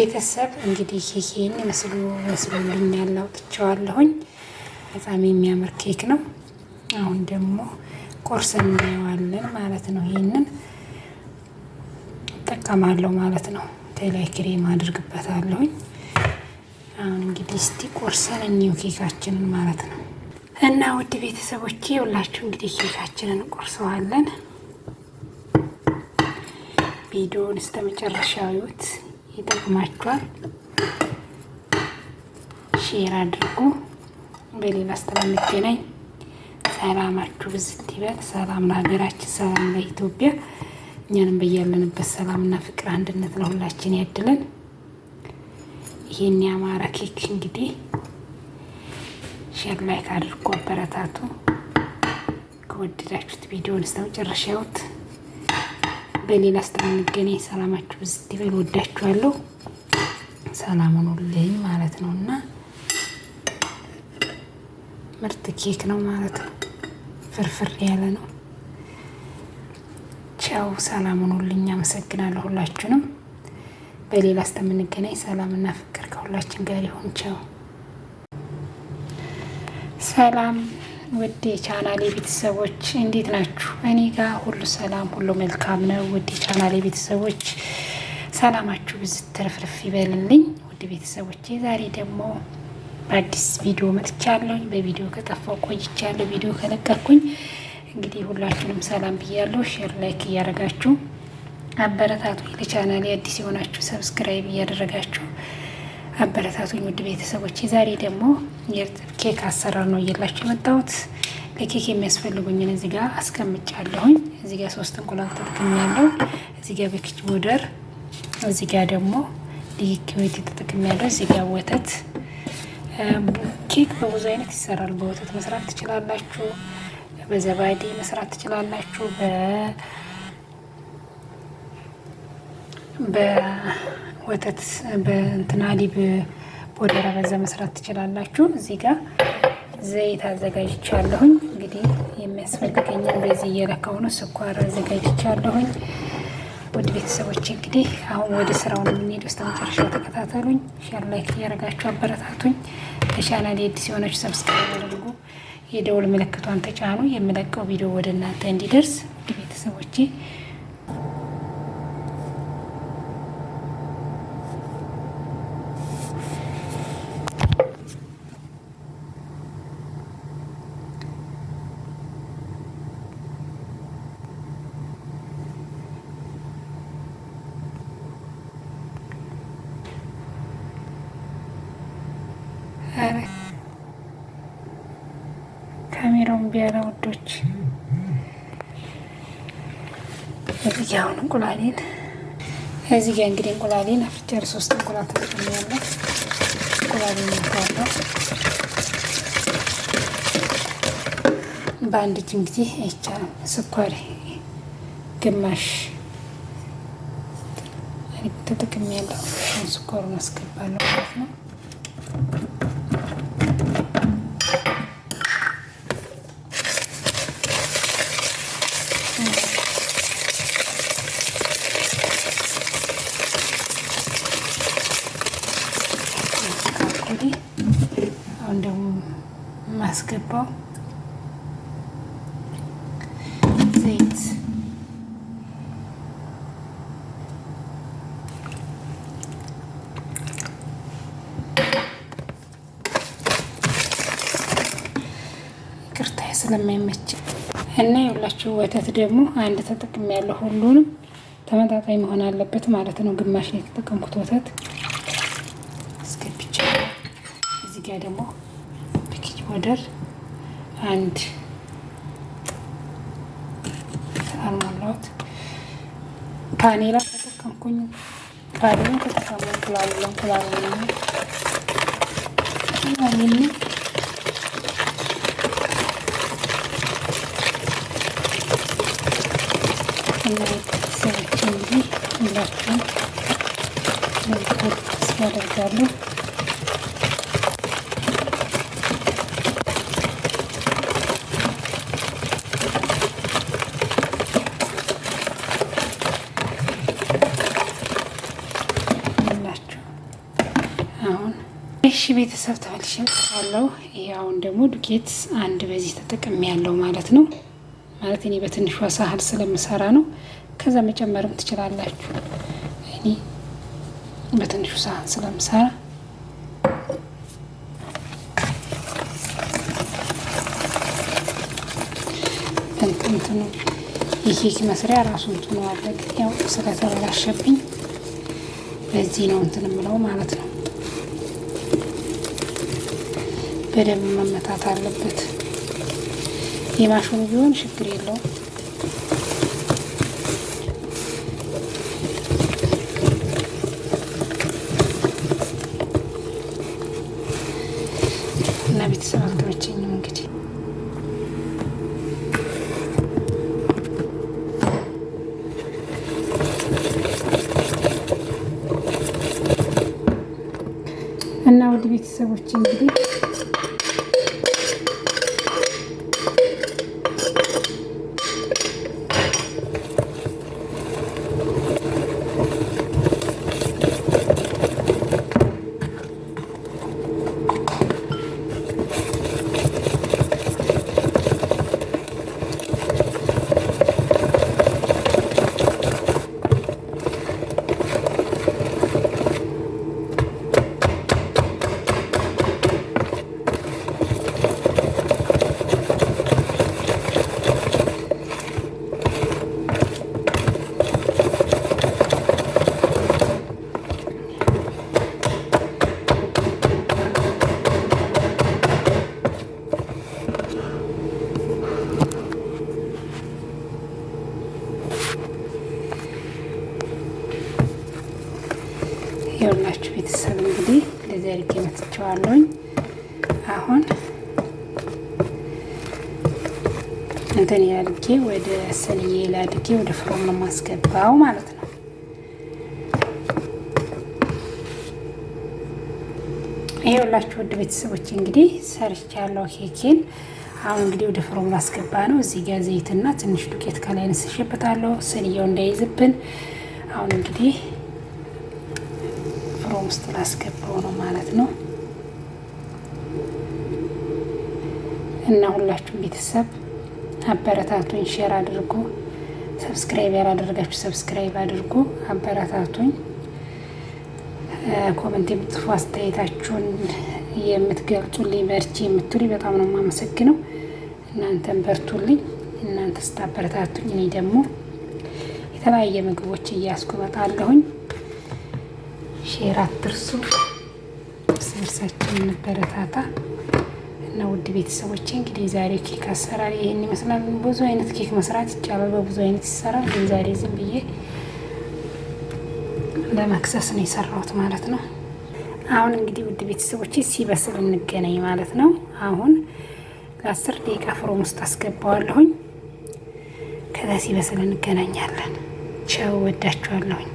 ቤተሰብ እንግዲህ ይሄን መስሎ መስሎልኛል፣ ያላውጥቸዋለሁኝ። በጣም የሚያምር ኬክ ነው። አሁን ደግሞ ቆርሰን እናየዋለን ማለት ነው። ይህንን እጠቀማለሁ ማለት ነው። ተላይ ክሬም አድርግበታለሁኝ። አሁን እንግዲህ እስቲ ቆርሰን እኒው ኬካችንን ማለት ነው። እና ውድ ቤተሰቦቼ ሁላችሁ እንግዲህ ኬካችንን ቆርሰዋለን። ቪዲዮውን እስከ መጨረሻ ይጠቅማችኋል። ሼር አድርጉ። በሌላ እስከምንገናኝ ሰላማችሁ ብዝት ይበል። ሰላም ለሀገራችን፣ ሰላም ለኢትዮጵያ። እኛንም በያለንበት ሰላምና ፍቅር አንድነት ለሁላችን ያድለን። ይሄን የአማራ ኬክ እንግዲህ ሼር ላይክ አድርጎ አበረታቱ። ከወደዳችሁት ቪዲዮን እስከ መጨረሻ ያዩት። በሌላ ስራ ሰላማችሁ ብዝት ይበል። ወዳችኋለሁ። ሰላም ሁኑልኝ ማለት ነው እና ምርጥ ኬክ ነው ማለት ነው። ፍርፍር ያለ ነው። ቻው፣ ሰላም ሁኑልኝ። አመሰግናለሁ ሁላችሁንም። በሌላ ሰላም ሰላምና ፍቅር ከሁላችን ጋር ይሁን። ቻው፣ ሰላም ውድ የቻናሌ ቤተሰቦች እንዴት ናችሁ? እኔ ጋር ሁሉ ሰላም፣ ሁሉ መልካም ነው። ውድ የቻናሌ ቤተሰቦች ሰላማችሁ ብዙ ትርፍርፍ ይበልልኝ። ውድ ቤተሰቦች ዛሬ ደግሞ በአዲስ ቪዲዮ መጥቻለሁኝ። በቪዲዮ ከጠፋው ቆይቻለሁ። ቪዲዮ ከለቀኩኝ እንግዲህ ሁላችሁንም ሰላም ብያለሁ። ሼር ላይክ እያደረጋችሁ አበረታቱ። ለቻናሌ አዲስ የሆናችሁ ሰብስክራይብ እያደረጋችሁ አበረታቱኝ ውድ ቤተሰቦች። ዛሬ ደግሞ ኬክ አሰራር ነው እየላቸው የመጣሁት። ለኬክ የሚያስፈልጉኝን እዚህ ጋር አስቀምጫለሁኝ። እዚህ ጋር ሶስት እንቁላል ተጠቅሜያለሁ። እዚህ ጋር ቤኪንግ ፓውደር፣ እዚህ ጋር ደግሞ ሊኪዊድ ተጠቅሜያለሁ። እዚህ ጋር ወተት። ኬክ በብዙ አይነት ይሰራል። በወተት መስራት ትችላላችሁ፣ በዘባዴ መስራት ትችላላችሁ፣ በ ወተት በእንትና ሊብ ቦደራ በዛ መስራት ትችላላችሁ። እዚህ ጋር ዘይት አዘጋጅቻለሁኝ። እንግዲህ የሚያስፈልገኝን በዚህ እየለካው ነው። ስኳር አዘጋጅቻለሁኝ። ውድ ቤተሰቦች እንግዲህ አሁን ወደ ስራው ነው የምንሄድ። እስከ መጨረሻው ተከታተሉኝ። ሼር ላይክ እያደረጋችሁ አበረታቱኝ። ለቻናሌ አዲስ የሆናችሁ ሰብስክራይብ አድርጉ። የደውል ምልክቷን ተጫኑ። የምለቀው ቪዲዮ ወደ እናንተ እንዲደርስ ውድ ቤተሰቦቼ ካሜራውን ቢያላ ውዶች እዚህ ጋ አሁን እንቁላሌን እዚህ ጋ እንግዲህ እንቁላሌን ሶስት ተጠቅሜያለሁ። እንቁላሌን በአንድ እጅ እንግዲህ አይቻልም። ስኳር ግማሽ ተጠቅሜያለሁ። ስኳሩን አስገባለሁ ማለት ነው። ማስገባው ዘይት ቅርታ ስለማይመች እና የሁላችሁ ወተት ደግሞ አንድ ተጠቅም ያለው ሁሉንም ተመጣጣኝ መሆን አለበት ማለት ነው። ግማሽ የተጠቀምኩት ወተት እስከ ብቻ እዚህ ጋር ደግሞ ወደር አንድ አልሞላሁት ፓኔላ ተጠቀምኩኝ። ፓኔላ ተጠቀሙ እንቁላሉ እንቁላሉ ሰዎች እንዲህ ሁላችሁም ያደርጋሉ። እሺ ቤተሰብ ተመልሼ መጥቻለሁ። ያውን ደግሞ ዱቄት አንድ በዚህ ተጠቅሜ ያለው ማለት ነው። ማለት እኔ በትንሿ ሳህል ስለምሰራ ነው። ከዛ መጨመርም ትችላላችሁ። እኔ በትንሹ ሳህን ስለምሰራ እንትኑ የኬክ መስሪያ ራሱ እንትኑ አለ። ያው ስለተበላሸብኝ በዚህ ነው እንትን ምለው ማለት ነው በደንብ መመታት አለበት። የማሽኑ ቢሆን ችግር የለውም። ቤተሰቦች እንግዲህ ይኸውላችሁ ቤተሰብ እንግዲህ እንደዚህ አድርጌ መትቸዋለሁኝ። አሁን እንትን ያድጌ ወደ ሰልዬ ላድጌ ወደ ፍሮም ነው ማስገባው ማለት ነው። ይኸውላችሁ ውድ ቤተሰቦች እንግዲህ ሰርቻለሁ ኬኬን። አሁን እንግዲህ ወደ ፍሮም ላስገባ ነው። እዚህ ጋር ዘይትና ትንሽ ዱቄት ከላይ ነስሽበታለሁ ሰልያው እንዳይዝብን። አሁን እንግዲህ ውስጥ ላስገባው ነው ማለት ነው። እና ሁላችሁም ቤተሰብ አበረታቱኝ፣ ሼር አድርጎ ሰብስክራይብ ያላደረጋችሁ ሰብስክራይብ አድርጎ አበረታቱኝ። ኮመንት የምትጽፉ አስተያየታችሁን የምትገልጹልኝ በርቺ የምትሉኝ በጣም ነው የማመሰግነው። እናንተን በርቱልኝ። እናንተ ስታበረታቱኝ እኔ ደግሞ የተለያየ ምግቦች እያስኩ እመጣለሁኝ። ሼር አትርሱ። እርስ በርሳችን እንበረታታ እና ውድ ቤተሰቦች እንግዲህ ዛሬ ኬክ አሰራር ይህን ይመስላል። ብዙ አይነት ኬክ መስራት ይቻላል፣ በብዙ አይነት ይሰራል። ግን ዛሬ ዝም ብዬ ለመክሰስ ነው የሰራሁት ማለት ነው። አሁን እንግዲህ ውድ ቤተሰቦች ሲበስል እንገናኝ ማለት ነው። አሁን ለአስር ደቂቃ ፍሮም ውስጥ አስገባዋለሁኝ። ከዛ ሲበስል እንገናኛለን። ቸው ወዳችኋለሁኝ።